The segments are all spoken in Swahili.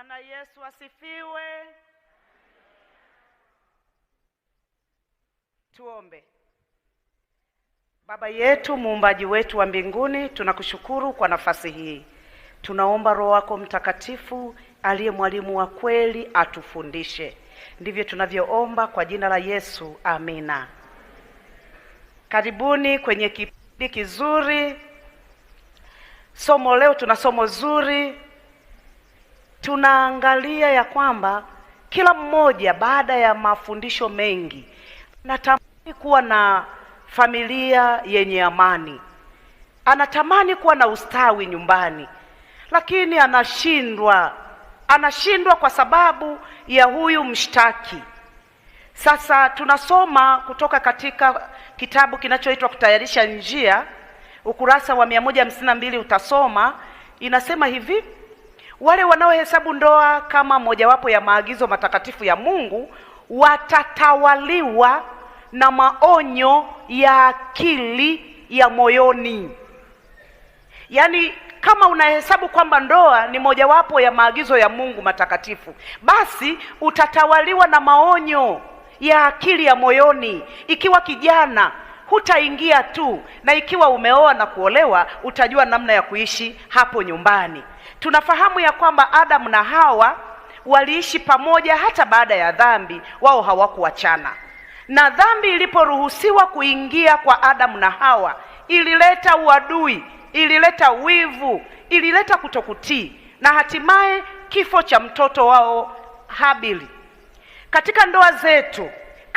Bwana Yesu asifiwe. Tuombe. Baba yetu muumbaji wetu wa mbinguni, tunakushukuru kwa nafasi hii. Tunaomba Roho wako Mtakatifu aliye mwalimu wa kweli atufundishe. Ndivyo tunavyoomba kwa jina la Yesu, amina. Karibuni kwenye kipindi kizuri. Somo leo tuna somo zuri tunaangalia ya kwamba kila mmoja baada ya mafundisho mengi anatamani kuwa na familia yenye amani, anatamani kuwa na ustawi nyumbani, lakini anashindwa. Anashindwa kwa sababu ya huyu mshtaki. Sasa tunasoma kutoka katika kitabu kinachoitwa Kutayarisha Njia, ukurasa wa 152 utasoma inasema hivi. Wale wanaohesabu ndoa kama mojawapo ya maagizo matakatifu ya Mungu watatawaliwa na maonyo ya akili ya moyoni. Yaani, kama unahesabu kwamba ndoa ni mojawapo ya maagizo ya Mungu matakatifu, basi utatawaliwa na maonyo ya akili ya moyoni. Ikiwa kijana hutaingia tu, na ikiwa umeoa na kuolewa utajua namna ya kuishi hapo nyumbani. Tunafahamu ya kwamba Adamu na Hawa waliishi pamoja hata baada ya dhambi, wao hawakuachana. Na dhambi iliporuhusiwa kuingia kwa Adamu na Hawa, ilileta uadui, ilileta wivu, ilileta kutokutii na hatimaye kifo cha mtoto wao Habili. Katika ndoa zetu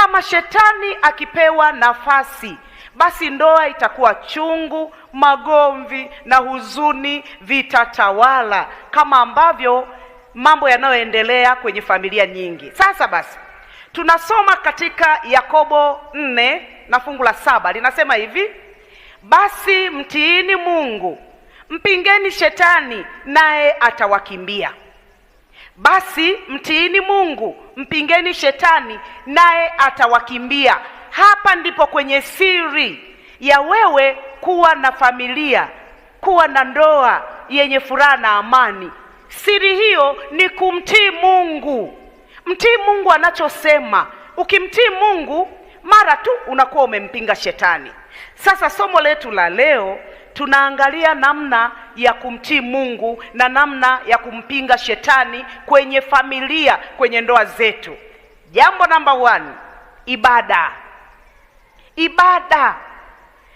kama shetani akipewa nafasi, basi ndoa itakuwa chungu, magomvi na huzuni vitatawala, kama ambavyo mambo yanayoendelea kwenye familia nyingi. Sasa basi tunasoma katika Yakobo nne na fungu la saba linasema hivi: basi mtiini Mungu, mpingeni shetani, naye atawakimbia. Basi mtiini Mungu mpingeni shetani naye atawakimbia. Hapa ndipo kwenye siri ya wewe kuwa na familia, kuwa na ndoa yenye furaha na amani. Siri hiyo ni kumtii Mungu. Mtii Mungu anachosema. Ukimtii Mungu, mara tu unakuwa umempinga shetani. Sasa somo letu la leo tunaangalia namna ya kumtii Mungu na namna ya kumpinga shetani kwenye familia, kwenye ndoa zetu. Jambo namba one, ibada. Ibada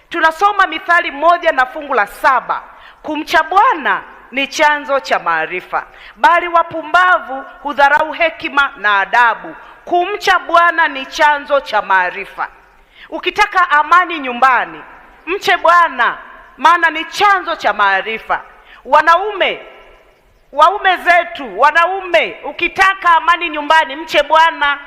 tunasoma Mithali moja na fungu la saba kumcha Bwana ni chanzo cha maarifa, bali wapumbavu hudharau hekima na adabu. Kumcha Bwana ni chanzo cha maarifa. Ukitaka amani nyumbani, mche Bwana maana ni chanzo cha maarifa. Wanaume, waume zetu, wanaume, ukitaka amani nyumbani, mche Bwana,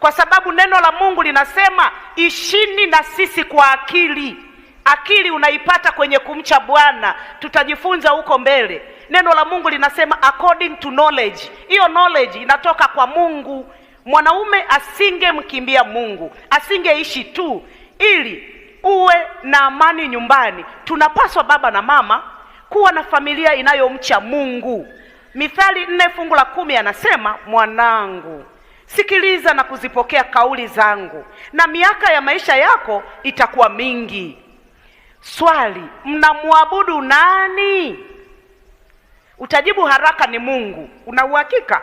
kwa sababu neno la Mungu linasema ishini na sisi kwa akili. Akili unaipata kwenye kumcha Bwana, tutajifunza huko mbele. Neno la Mungu linasema according to knowledge. Hiyo knowledge inatoka kwa Mungu. Mwanaume asingemkimbia Mungu, asingeishi tu ili uwe na amani nyumbani. Tunapaswa baba na mama kuwa na familia inayomcha Mungu. Mithali nne fungu la kumi anasema, mwanangu, sikiliza na kuzipokea kauli zangu, na miaka ya maisha yako itakuwa mingi. Swali, mnamwabudu nani? Utajibu haraka ni Mungu. Una uhakika?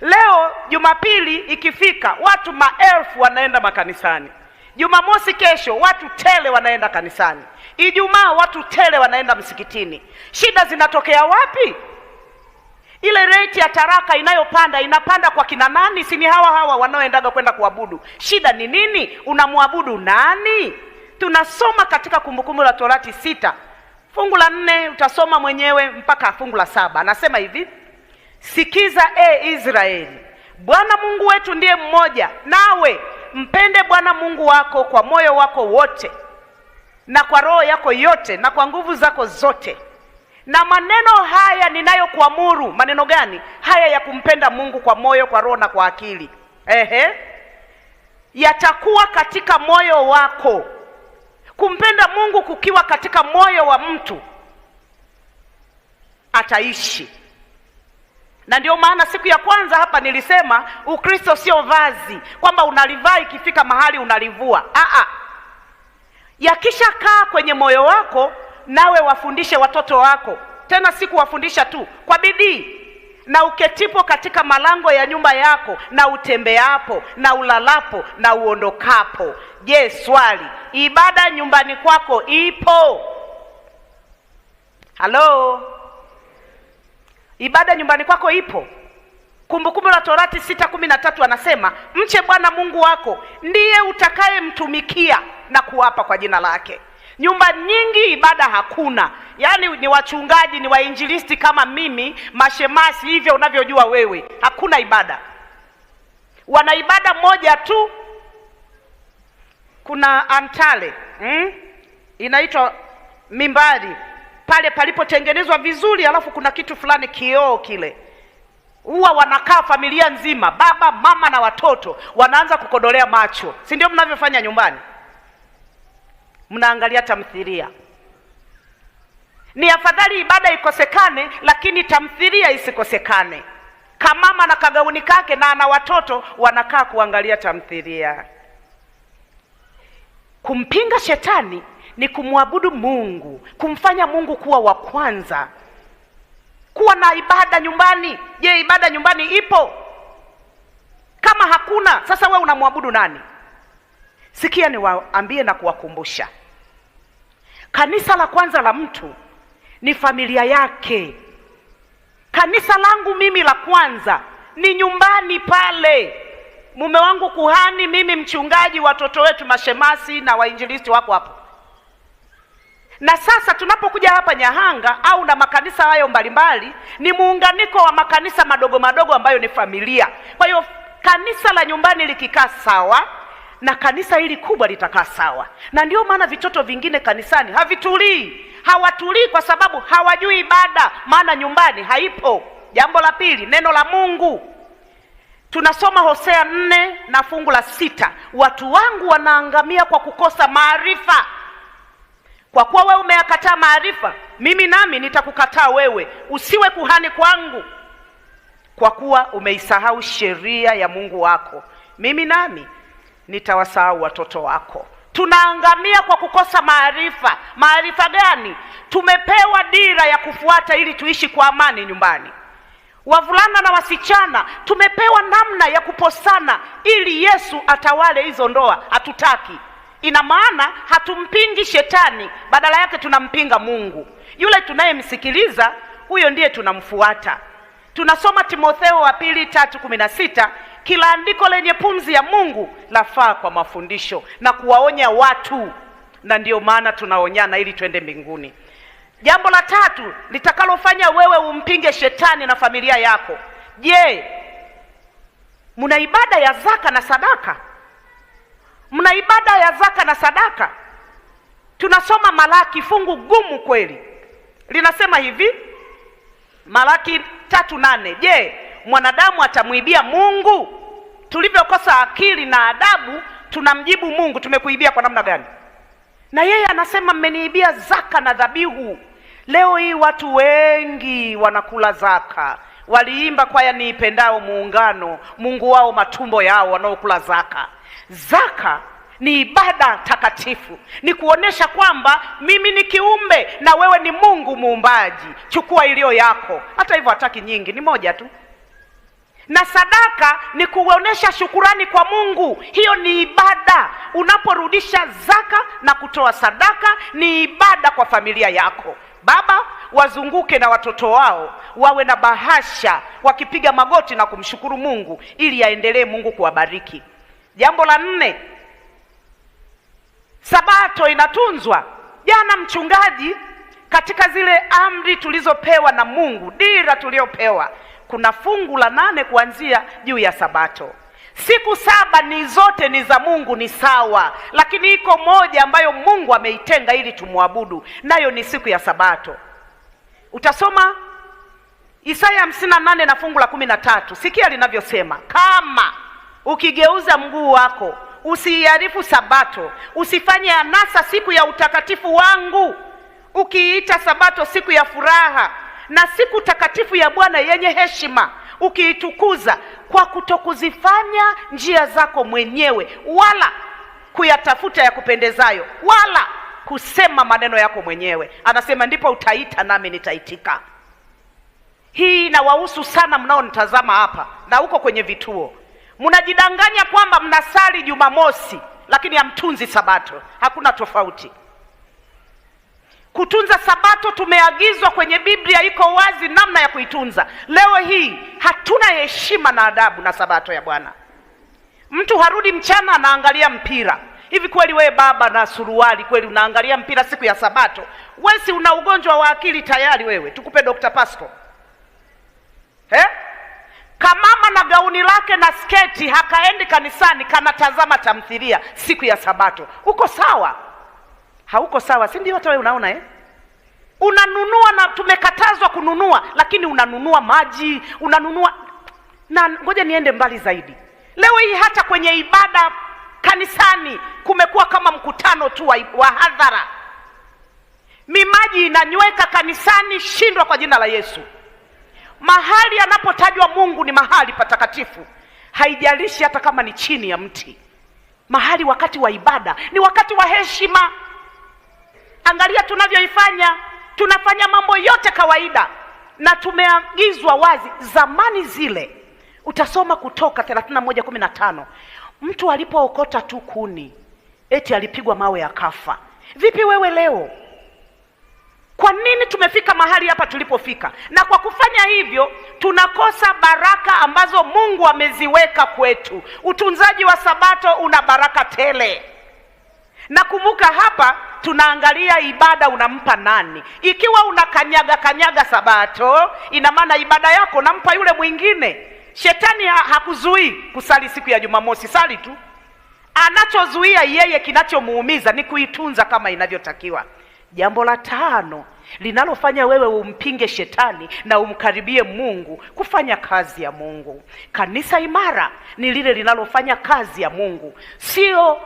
Leo Jumapili ikifika, watu maelfu wanaenda makanisani. Jumamosi kesho watu tele wanaenda kanisani, Ijumaa watu tele wanaenda msikitini. Shida zinatokea wapi? Ile rate ya taraka inayopanda inapanda kwa kina nani? Si ni hawa hawa wanaoendaga kwenda kuabudu. Shida ni nini? Unamwabudu nani? Tunasoma katika Kumbukumbu la Torati sita fungu la nne, utasoma mwenyewe mpaka fungu la saba. Anasema hivi: sikiza e Israeli, Bwana Mungu wetu ndiye mmoja, nawe mpende Bwana Mungu wako kwa moyo wako wote na kwa roho yako yote na kwa nguvu zako zote. Na maneno haya ninayokuamuru, maneno gani haya? Ya kumpenda Mungu kwa moyo, kwa roho na kwa akili. Ehe, yatakuwa katika moyo wako. Kumpenda Mungu kukiwa katika moyo wa mtu ataishi na ndio maana siku ya kwanza hapa nilisema Ukristo sio vazi kwamba unalivaa ikifika mahali unalivua. Aa, yakishakaa kwenye moyo wako, nawe wafundishe watoto wako, tena si kuwafundisha tu, kwa bidii na uketipo katika malango ya nyumba yako na utembeapo na ulalapo na uondokapo. Je, swali, ibada nyumbani kwako ipo? Halo. Ibada nyumbani kwako ipo. Kumbukumbu la Torati sita kumi na tatu anasema mche Bwana Mungu wako ndiye utakayemtumikia na kuapa kwa jina lake. Nyumba nyingi ibada hakuna, yaani ni wachungaji ni wainjilisti kama mimi, mashemasi hivyo unavyojua wewe, hakuna ibada. Wana ibada moja tu, kuna antale mm, inaitwa mimbari pale palipotengenezwa vizuri, alafu kuna kitu fulani kioo kile huwa wanakaa familia nzima, baba mama na watoto, wanaanza kukodolea macho, si ndio mnavyofanya nyumbani? Mnaangalia tamthilia. Ni afadhali ibada ikosekane, lakini tamthilia isikosekane. Kamama na kagauni kake na ana watoto, wanakaa kuangalia tamthilia. Kumpinga shetani ni kumwabudu Mungu, kumfanya Mungu kuwa wa kwanza, kuwa na ibada nyumbani. Je, ibada nyumbani ipo? Kama hakuna, sasa wewe unamwabudu nani? Sikia niwaambie na kuwakumbusha, kanisa la kwanza la mtu ni familia yake. Kanisa langu mimi la kwanza ni nyumbani pale, mume wangu kuhani, mimi mchungaji, watoto wetu mashemasi na wainjilisti wako hapo. Na sasa tunapokuja hapa Nyahanga au na makanisa hayo mbalimbali, ni muunganiko wa makanisa madogo madogo ambayo ni familia. Kwa hiyo kanisa la nyumbani likikaa sawa na kanisa hili kubwa litakaa sawa, na ndio maana vitoto vingine kanisani havitulii, hawatulii kwa sababu hawajui ibada, maana nyumbani haipo. Jambo la pili, neno la Mungu tunasoma Hosea nne na fungu la sita, watu wangu wanaangamia kwa kukosa maarifa. Kwa kuwa wewe umeyakataa maarifa, mimi nami nitakukataa wewe, usiwe kuhani kwangu. Kwa kuwa umeisahau sheria ya Mungu wako, mimi nami nitawasahau watoto wako. Tunaangamia kwa kukosa maarifa. Maarifa gani? Tumepewa dira ya kufuata ili tuishi kwa amani nyumbani. Wavulana na wasichana tumepewa namna ya kuposana ili Yesu atawale hizo ndoa. Hatutaki. Ina maana hatumpingi shetani, badala yake tunampinga Mungu. Yule tunayemsikiliza huyo ndiye tunamfuata. Tunasoma Timotheo wa pili tatu kumi na sita kila andiko lenye pumzi ya Mungu lafaa kwa mafundisho na kuwaonya watu, na ndiyo maana tunaonyana ili twende mbinguni. Jambo la tatu litakalofanya wewe umpinge shetani na familia yako, je, mna ibada ya zaka na sadaka? Mna ibada ya zaka na sadaka. Tunasoma Malaki, fungu gumu kweli, linasema hivi Malaki tatu nane je, mwanadamu atamwibia Mungu? Tulivyokosa akili na adabu, tunamjibu Mungu, tumekuibia kwa namna gani? Na yeye anasema mmeniibia zaka na dhabihu. Leo hii watu wengi wanakula zaka, waliimba kwaya niipendao muungano, Mungu wao matumbo yao wanaokula zaka. Zaka ni ibada takatifu, ni kuonesha kwamba mimi ni kiumbe na wewe ni Mungu muumbaji, chukua iliyo yako. Hata hivyo hataki nyingi, ni moja tu. Na sadaka ni kuonesha shukurani kwa Mungu, hiyo ni ibada. Unaporudisha zaka na kutoa sadaka, ni ibada kwa familia yako. Baba wazunguke na watoto wao wawe na bahasha, wakipiga magoti na kumshukuru Mungu ili aendelee Mungu kuwabariki. Jambo la nne Sabato inatunzwa. Jana mchungaji, katika zile amri tulizopewa na Mungu, dira tuliyopewa, kuna fungu la nane kuanzia juu ya Sabato. Siku saba ni zote ni za Mungu, ni sawa, lakini iko moja ambayo Mungu ameitenga ili tumwabudu, nayo ni siku ya Sabato. Utasoma Isaya hamsini na nane na fungu la kumi na tatu. Sikia linavyosema, kama ukigeuza mguu wako usiiharifu Sabato, usifanye anasa siku ya utakatifu wangu, ukiiita Sabato siku ya furaha na siku takatifu ya Bwana yenye heshima, ukiitukuza kwa kutokuzifanya njia zako mwenyewe, wala kuyatafuta ya kupendezayo, wala kusema maneno yako mwenyewe. Anasema ndipo utaita nami nitaitika. Hii inawahusu sana mnaonitazama hapa na huko kwenye vituo Mnajidanganya kwamba mnasali Jumamosi lakini hamtunzi Sabato. Hakuna tofauti. Kutunza Sabato tumeagizwa kwenye Biblia, iko wazi namna ya kuitunza. Leo hii hatuna heshima na adabu na Sabato ya Bwana. Mtu harudi mchana anaangalia mpira. Hivi kweli wewe baba na suruali kweli unaangalia mpira siku ya Sabato? Wewe si una ugonjwa wa akili tayari wewe, tukupe Dr. Pasco eh? Kamama na gauni lake na sketi hakaendi kanisani, kanatazama tamthilia siku ya Sabato. Uko sawa? Hauko sawa, si ndio? Hata wewe unaona eh? Unanunua na tumekatazwa kununua, lakini unanunua maji, unanunua na. Ngoja niende mbali zaidi. Leo hii hata kwenye ibada kanisani kumekuwa kama mkutano tu wa, wa hadhara. Mimaji inanyweka kanisani, shindwa kwa jina la Yesu. Mahali anapotajwa Mungu ni mahali patakatifu, haijalishi hata kama ni chini ya mti. Mahali wakati wa ibada ni wakati wa heshima. Angalia tunavyoifanya, tunafanya mambo yote kawaida, na tumeagizwa wazi. Zamani zile utasoma Kutoka 31:15 mtu alipookota tu kuni eti alipigwa mawe ya kafa Vipi wewe leo? Kwa nini tumefika mahali hapa tulipofika? Na kwa kufanya hivyo tunakosa baraka ambazo Mungu ameziweka kwetu. Utunzaji wa Sabato una baraka tele. Na kumbuka hapa tunaangalia ibada unampa nani. Ikiwa unakanyaga kanyaga Sabato, ina maana ibada yako nampa yule mwingine. Shetani ha hakuzuii kusali siku ya Jumamosi, sali tu. Anachozuia yeye, kinachomuumiza ni kuitunza kama inavyotakiwa. Jambo la tano linalofanya wewe umpinge shetani na umkaribie Mungu, kufanya kazi ya Mungu. Kanisa imara ni lile linalofanya kazi ya Mungu, sio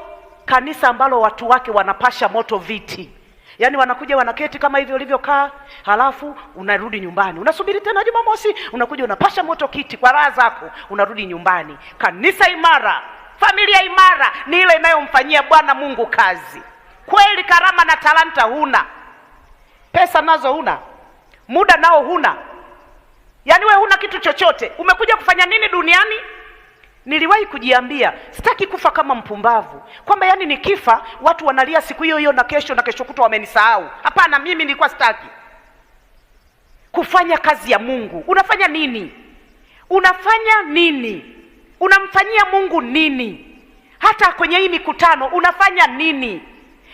kanisa ambalo watu wake wanapasha moto viti Yaani wanakuja wanaketi kama hivyo ulivyokaa, halafu unarudi nyumbani, unasubiri tena Jumamosi, unakuja unapasha moto kiti kwa raha zako, unarudi nyumbani. Kanisa imara, familia imara ni ile inayomfanyia Bwana Mungu kazi. Kweli karama na talanta huna, pesa nazo huna, muda nao huna, yaani we huna kitu chochote. Umekuja kufanya nini duniani? Niliwahi kujiambia sitaki kufa kama mpumbavu, kwamba yani nikifa watu wanalia siku hiyo hiyo na kesho na kesho kutwa wamenisahau. Hapana, mimi nilikuwa sitaki kufanya kazi ya Mungu. Unafanya nini? Unafanya nini? Unamfanyia Mungu nini? Hata kwenye hii mikutano unafanya nini?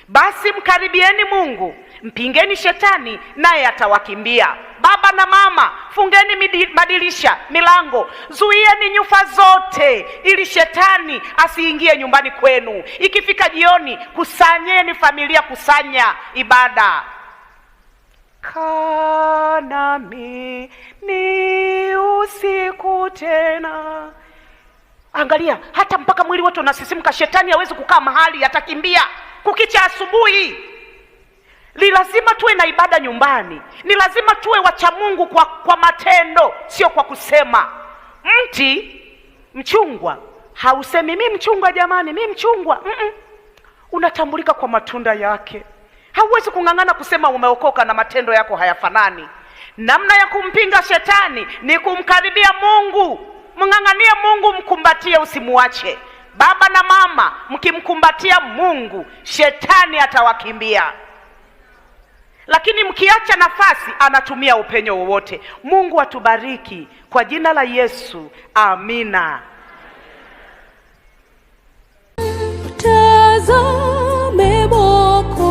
Basi mkaribieni Mungu, mpingeni shetani naye atawakimbia. Baba na mama, fungeni midi, madirisha, milango, zuieni nyufa zote, ili shetani asiingie nyumbani kwenu. Ikifika jioni, kusanyeni familia, kusanya ibada. Kanami ni usiku tena. Angalia, hata mpaka mwili wote unasisimka, shetani hawezi kukaa mahali, atakimbia. Kukicha asubuhi ni lazima tuwe na ibada nyumbani, ni lazima tuwe wacha Mungu kwa, kwa matendo, sio kwa kusema. Mti mchungwa hausemi mi mchungwa jamani, mi mchungwa mm -mm. Unatambulika kwa matunda yake. Hauwezi kung'ang'ana kusema umeokoka na matendo yako hayafanani. Namna ya kumpinga shetani ni kumkaribia Mungu. Mng'ang'anie Mungu, mkumbatie, usimuache. Baba na mama mkimkumbatia Mungu, shetani atawakimbia, lakini mkiacha nafasi, anatumia upenyo wowote. Mungu atubariki kwa jina la Yesu, amina. Tazame